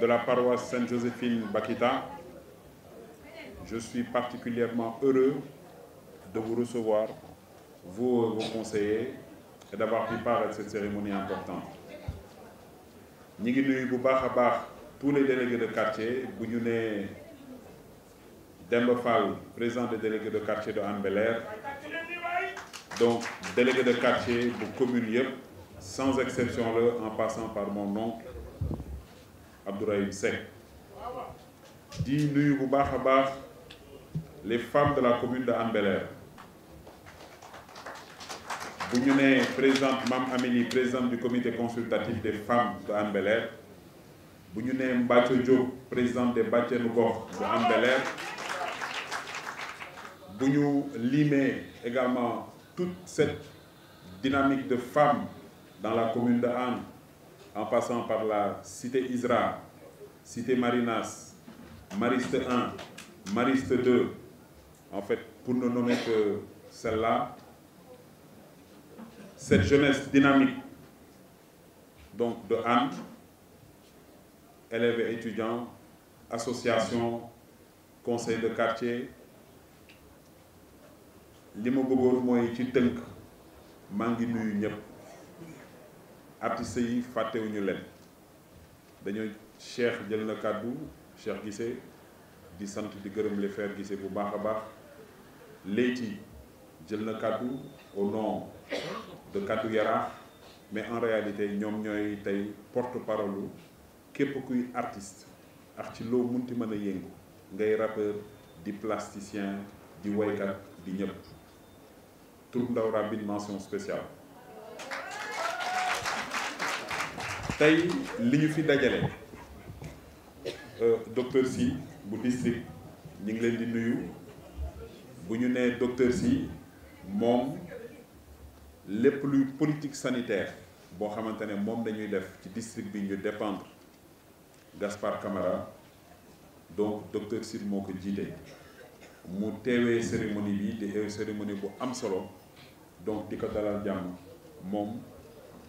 de la paroisse Sainte-Joséphine Bakita, je suis particulièrement heureux de vous recevoir, vous, vos conseillers, et d'avoir pris part à cette cérémonie importante. Nous avons tous les délégués de quartier, Bougnoune Demba présent des délégués de quartier de Anne donc délégués de quartier vous communiez, sans exception en passant par mon oncle Abdourahim Seck di nuyu bu les femmes de la commune de Hann Bel-Air bu ñu Amélie présidente du comité consultatif des femmes de Hann Bel-Air bu présidente des bàjjenu de de Hann bel également toute cette dynamique de femmes dans la commune de Anne en passant par la Cité Isra, Cité Marinas, Mariste 1, Mariste 2, en fait, pour ne nommer que celle-là, cette jeunesse dynamique, donc de Anne, élèves et étudiants, associations, conseils de quartier, li ma artiste yi wuñu leen dañoo Cheikh jël na kàddu Cheikh gissé di sante di gërëm les frères gissé bu baaxa baax Leyti jël na kàddu au nom de Kaddu Yara, mais en réalité ñom ñoy tay porte-parole képp kuy artiste ak ci lo munti mëna a yëngu ngay rappeur di plasticien di waykat di ñëpp Tour Ndaw Rabine mention spéciale tay li ñu fi dajale euh, docteur si, bu district ñu ngi leen di nuyu bu ñu nee docteur si, moom lépp luy politique sanitaire boo xamante ne moom dañuy def ci district bi ñu dépendre Gaspard Camara donc docteur si moo ko jiite mu teewee cérémonie bi di euh, cérémonie bu am solo donc di ko dalal jàmm moom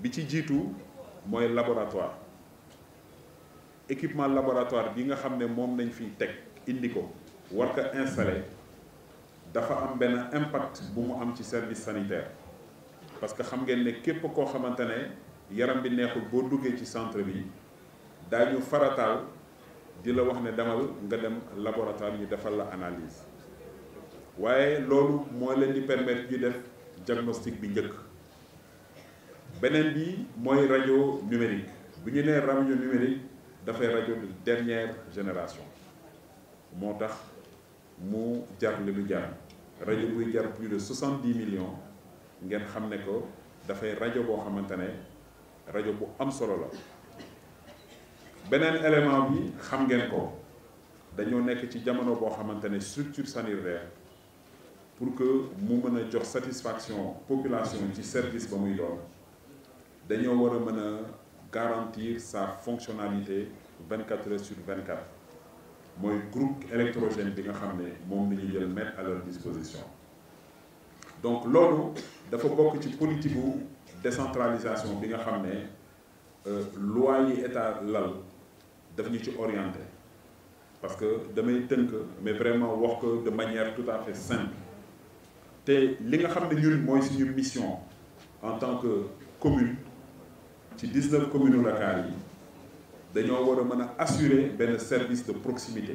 bi ci jiitu laboratoire équipement laboratoire bi nga xamné mom nañ fi teg indi ko war installé dafa am ben impact bu mu am ci service sanitaire parce que xam ngeen ne képp ko xamante yaram bi neexul bo duggé ci centre bi dañu farataal di la wax ne demal nga dem laboratoire ñu defal la analyse waaye lolu mo leen di permettre ñu def diagnostic bi ñëk benen bi moy radio numérique bu ñu radio numérique dafay radio de dernière génération motax mu jar lu jar radio buy jar plus de 70 millions ngeen xamné ko da fay radio bo xamantene radio bu am solo la benen élément bi xam ngeen ko dañu nek ci jamono bo xamantene structure sanitaire pour que mu mëna jox satisfaction population ci service ba muy doon dañoo war a garantir sa fonctionnalité 24 heures sur 24 mooy groupe électrogène bi nga xam ne mettre à leur disposition donc loolu dafa bokk ci politique de décentralisation bi nga xam ne euh, loi orienté parce que mais vraiment de manière tout à fait simple te li nga xam ne mission en tant que commune ci 19 communes locales yi dañoo war a mën a assurer benn service de proximité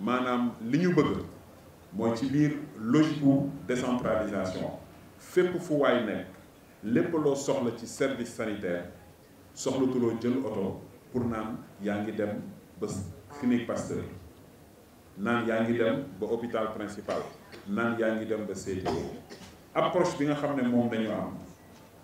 maanaam li ñu bëgg mooy ci biir logique bu décentralisation fépp fu waay nekk lépp loo soxla ci service sanitaire soxlatuloo jël oto pour naan yaa ngi dem ba clinique Pasteur naan yaa ngi dem ba hôpital principal naan yaa ngi dem ba CTO approche bi nga xam ne moom nañu am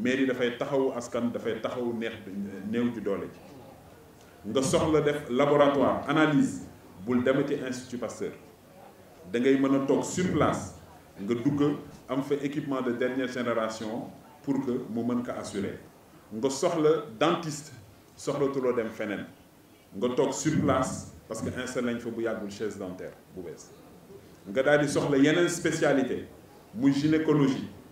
mairie dafay taxawu askan dafay taxawu neex néew ju doole ji nga soxla def laboratoire analyse bul ci institut Pasteur da ngay mën tok sur place nga dugg am fa équipement de dernière génération pour que mu mën ka assurer nga soxla dentiste lo dem fenen nga tok sur place parce que installé nañ fa bu yagul chaise dentaire bu wess nga daal soxla yenen spécialité muy gynécologie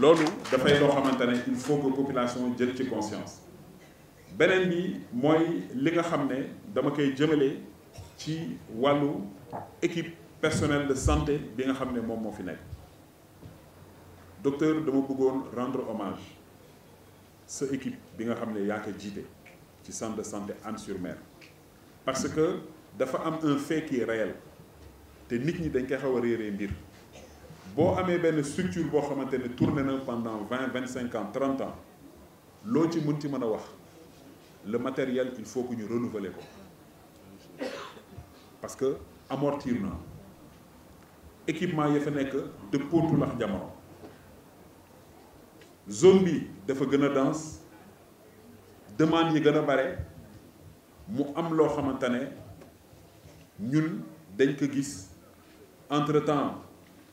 loolu dafay loo la ne il faut que population jël ci conscience Benen bi moy li nga xamné dama kay jëmale ci walu équipe personnelle de santé bi nga xamné mom mo fi nek docteur dama bëggone rendre hommage ce équipe bi nga xamné ne yaa ko ci centre de santé Anne sur Mer parce que dafa am un fait qui est réel té nit ñi dañ ko xaw réré mbir si une structure qui tourner pendant 20, 25 ans, 30 ans, ce que je le matériel, il faut que nous renouvelions. Parce que, amortir, l'équipement est fait de pour La zone Les zombies. de la demande est plus de il a des Entre temps,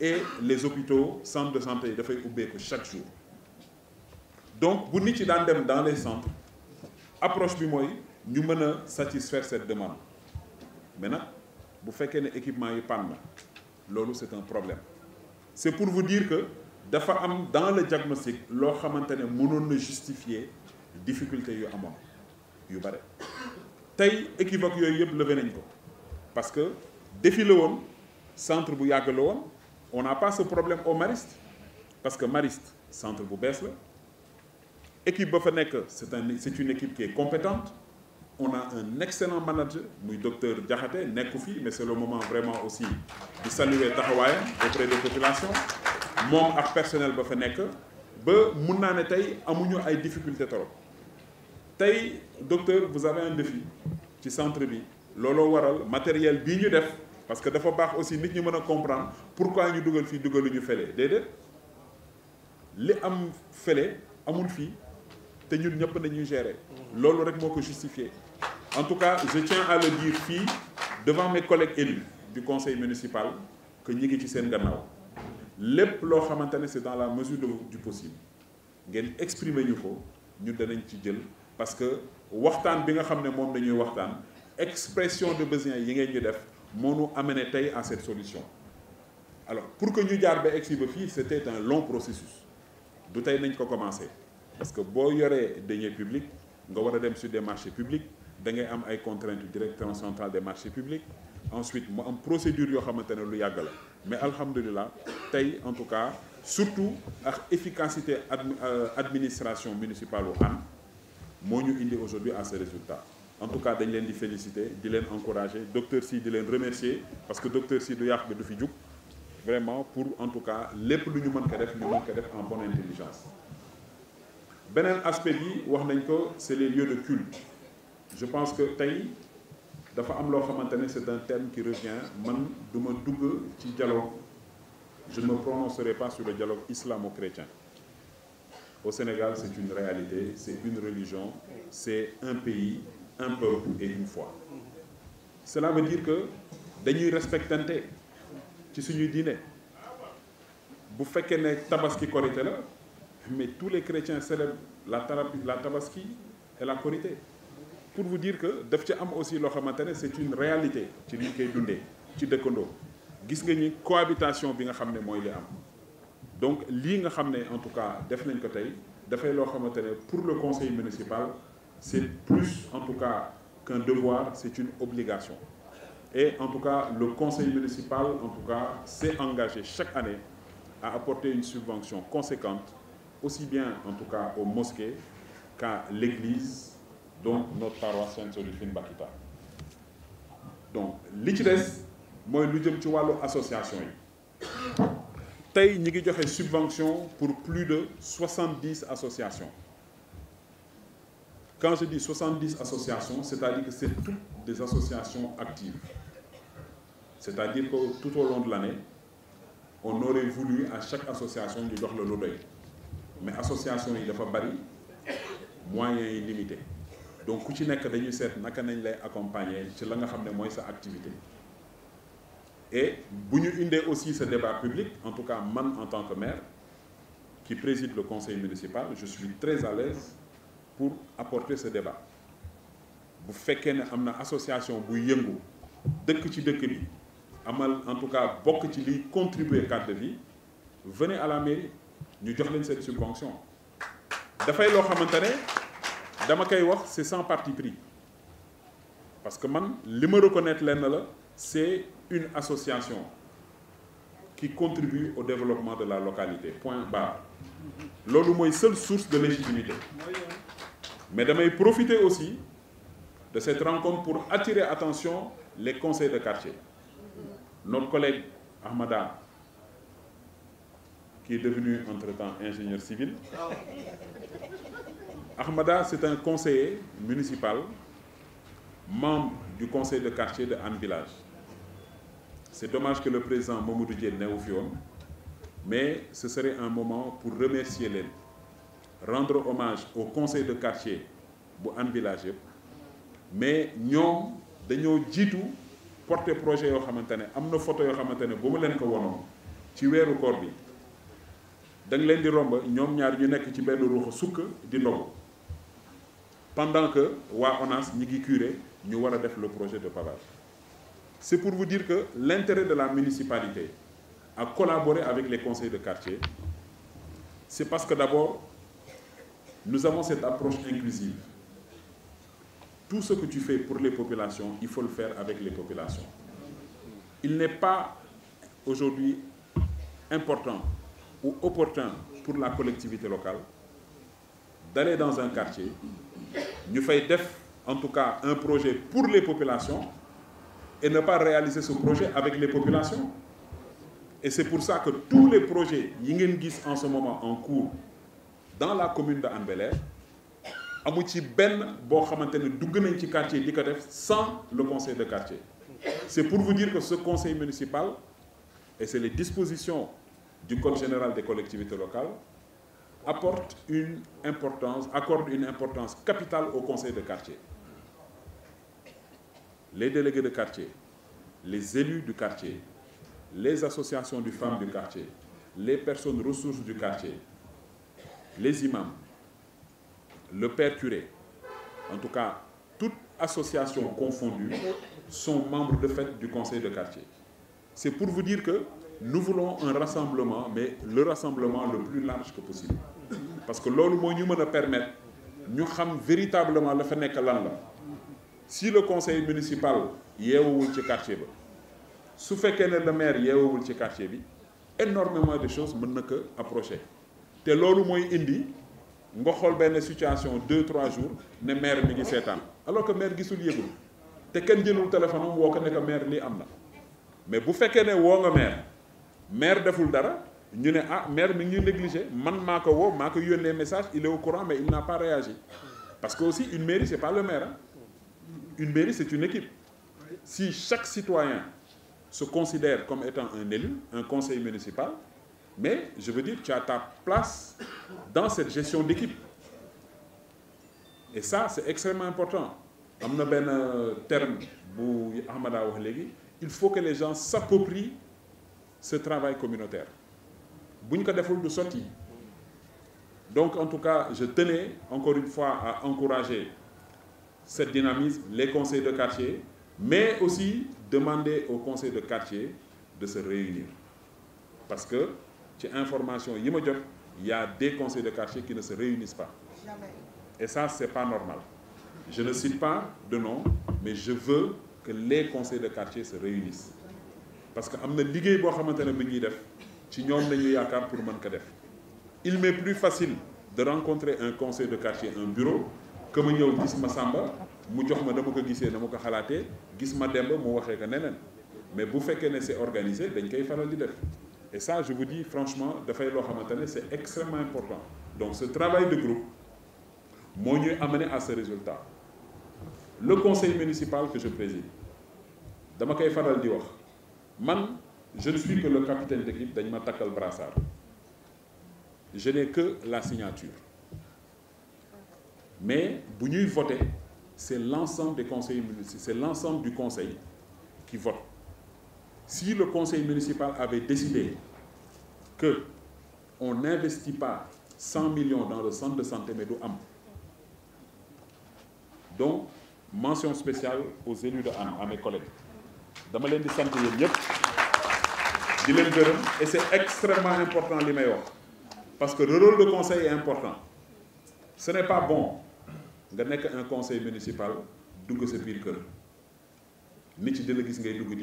et les hôpitaux centres de santé de ubbeeku chaque jour donc si nous ci dans les centres approche bi mooy ñu satisfaire cette demande Maintenant, si bu qu'un équipement est panne c'est un problème c'est pour vous dire que dans le diagnostic nous ne justifier difficulté difficultés. amoon yu équivoque parce que défi le centre bu on n'a pas ce problème au Marist, parce que Mariste centre c'est un une équipe qui est compétente on a un excellent manager le docteur Diakhaté mais c'est le moment vraiment aussi de saluer Tahawai auprès des populations Mon mon personnel ba fa nekk ba mun difficultés docteur vous avez un défi qui centre bi Lolo waral matériel bii parce que dafa baax aussi nit ñi mën a comprendre pourquoi ñu dugal fii dugaluñu fële déedéet li am fële amul fii te ñun ñëpp nañuy gérer loolu rek moo ko justifié en tout cas je tiens à le dire fii devant mes collègues élus du conseil municipal que ñi ngi ci seen gannaaw lépp loo xamante ne c'est dans la mesure du possible ngeen exprimer ñu ko ñu danañ ci jël parce que waxtaan bi nga xam ne moom dañuy waxtaan expression de besoin yi ngeen ñu def nous nu amené taï à cette solution alors pour que nous ayons ba c'était un long processus Nous avons commencé parce que si vous deniers publics nga war des marchés publics vous avez des contraintes directement centrales des marchés publics ensuite une procédure yoo xamante lu mais alhamdulillah, taï en tout cas surtout l'efficacité de euh, administration municipale nous avons aujourd'hui à ce résultat en tout cas je vous di féliciter di encourage. encourager docteur Sid, di remercier parce que docteur Sy du de vraiment pour en tout cas les plus nous mën def en bonne intelligence Benel aspect c'est les lieux de culte je pense que tey c'est un thème qui revient je ne me prononcerai pas sur le dialogue islamo-chrétien au Sénégal c'est une réalité c'est une religion c'est un pays un peuple et une foi cela veut dire que dañuy respectante ci nous diine bu faites ne tabaski korité là, mais tous les chrétiens célèbrent la la tabaski et la korité pour vous dire que daf ci am aussi loo xamante c'est une réalité ci liñ koy Dundé, ci dëkkandoo gis nga ni cohabitation bi nga xam ne mooy li am donc lii nga xam en tout cas def nañ ko tey dafay loo pour le conseil municipal c'est plus en tout cas qu'un devoir, c'est une obligation. Et en tout cas, le conseil municipal, en tout cas, s'est engagé chaque année à apporter une subvention conséquente, aussi bien en tout cas aux mosquées qu'à l'église, dont notre paroisse Sainte-Solifine Bakita. Donc, l'ITIDES, moi, nous avons association. Nous avons subvention pour plus de 70 associations. Quand je dis 70 associations, c'est-à-dire que c'est toutes des associations actives. C'est-à-dire que tout au long de l'année, on aurait voulu à chaque association du jox de mais association il dafa bari moyens illimités. donc si ci que dañuy seet naka accompagner sa et si nous aussi ce débat public en tout cas moi en tant que maire qui préside le conseil municipal je suis très à l'aise pour apporter ce débat Si vous qu'une une association qui est amal en tout cas ci la contribuer de vie venez à la mairie Nous donnons cette subvention c'est sans parti pris parce que man li me reconnaître c'est une association qui contribue au développement de la localité point barre C'est la seule source de légitimité mais damay profiter aussi de cette rencontre pour attirer attention les conseils de quartier notre collègue Ahmada qui est devenu entre-temps ingénieur civil Ahmada c'est un conseiller municipal membre du conseil de quartier de anne Village c'est dommage que le président Mamoudou Diène n'ait mais ce serait un moment pour remercier l'aide rendre hommage au conseil de quartier bu Hann Village mais nous, avons dit porter projet au Hamantane, amener photo des photos, ne bu ma leen ko wonoon ci dans koor bi da nous leen di romb ñoom ñaar ñu avons ci benn ruuxa pendant que nous ONAS ñi curé ñu le projet de pavage c'est pour vous dire que l'intérêt de la municipalité à collaborer avec les conseils de quartier c'est parce que d'abord nous avons cette approche inclusive. Tout ce que tu fais pour les populations, il faut le faire avec les populations. Il n'est pas aujourd'hui important ou opportun pour la collectivité locale d'aller dans un quartier, nous faire en tout cas un projet pour les populations et ne pas réaliser ce projet avec les populations. Et c'est pour ça que tous les projets Yingengis en ce moment en cours dans la commune de Hann quartier sans le conseil de quartier c'est pour vous dire que ce conseil municipal et c'est les dispositions du code général des collectivités locales apporte une importance accorde une importance capitale au conseil de quartier les délégués de quartier les élus du quartier les associations de femmes du quartier les personnes ressources du quartier les imams, le père curé, en tout cas, toutes associations confondues sont membres de fait du conseil de quartier. C'est pour vous dire que nous voulons un rassemblement, mais le rassemblement le plus large que possible. Parce que l'on nous permettre, nous savons véritablement le fait Si le conseil municipal est au quartier, si le maire est au quartier, énormément de choses ne que approcher te lolu moy indi nga xol une situation 2-3 jours ne maire mi ngi sétane alors que maire gisul yegul te kenn jëlul téléphone wo ko ne ko maire li amna mais bu fekkee ne woo nga maire maire deful dara ñu ah maire mi ngi négligé man mako wo mako maa message il est au courant mais il n'a pas réagi parce que aussi une mairie c'est pas le maire hein. une mairie c'est une équipe si chaque citoyen se considère comme étant un élu un conseil municipal mais je veux dire, tu as ta place dans cette gestion d'équipe. Et ça, c'est extrêmement important. Euh, il faut que les gens s'approprient ce travail communautaire. Donc en tout cas, je tenais encore une fois à encourager cette dynamisme, les conseils de quartier, mais aussi demander aux conseils de quartier de se réunir. Parce que il information il y a des conseils de quartier qui ne se réunissent pas et ça n'est pas normal je ne cite pas de nom mais je veux que les conseils de quartier se réunissent parce que pour il m'est plus facile de rencontrer un conseil de quartier un bureau que ma ma Samba ma ma mais si vous ne organisé et ça, je vous dis franchement, c'est extrêmement important. Donc ce travail de groupe m'a amené à ce résultat. Le conseil municipal que je préside, je ne suis que le capitaine d'équipe d'Anima Takal Brassard. Je n'ai que la signature. Mais, si nous voter, c'est l'ensemble des conseils municipaux, c'est l'ensemble du conseil qui vote. Si le conseil municipal avait décidé que on n'investit pas 100 millions dans le centre de santé nous Am, donc mention spéciale aux élus de Am, à mes collègues. Je vous di et c'est extrêmement important les meilleurs. parce que le rôle du conseil est important ce n'est pas bon d'avoir un conseil municipal d'où que' que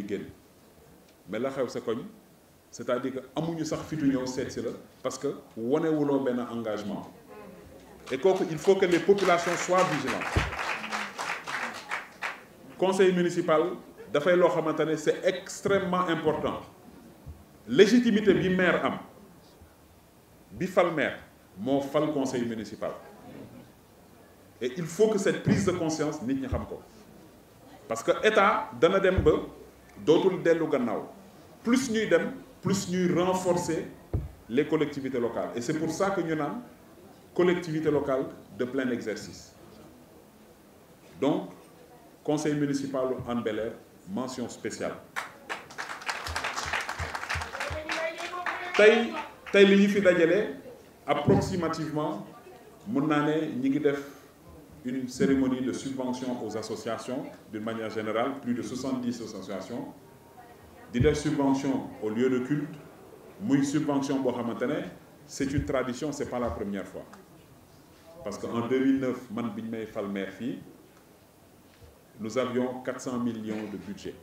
kër mais la xew sa c'est-à-dire que amuñu sax fitu ñew seet la parce que est ben engagement et donc, il faut que les populations soient vigilantes conseil municipal c'est extrêmement important légitimité bi maire am bi maire mo le conseil municipal et il faut que cette prise de conscience nit ñi xam parce que état dana dem ba dootul dellu plus ñuy dem plus ñuy renforcer les collectivités locales et c'est pour ça que ñu des collectivité locale de plein exercice donc conseil municipal en bel mention spéciale tey approximativement mon année une cérémonie de subvention aux associations, d'une manière générale, plus de 70 associations, Des subventions aux lieux de culte une subvention c'est une tradition ce n'est pas la première fois parce qu'en 2009 nous avions 400 millions de budget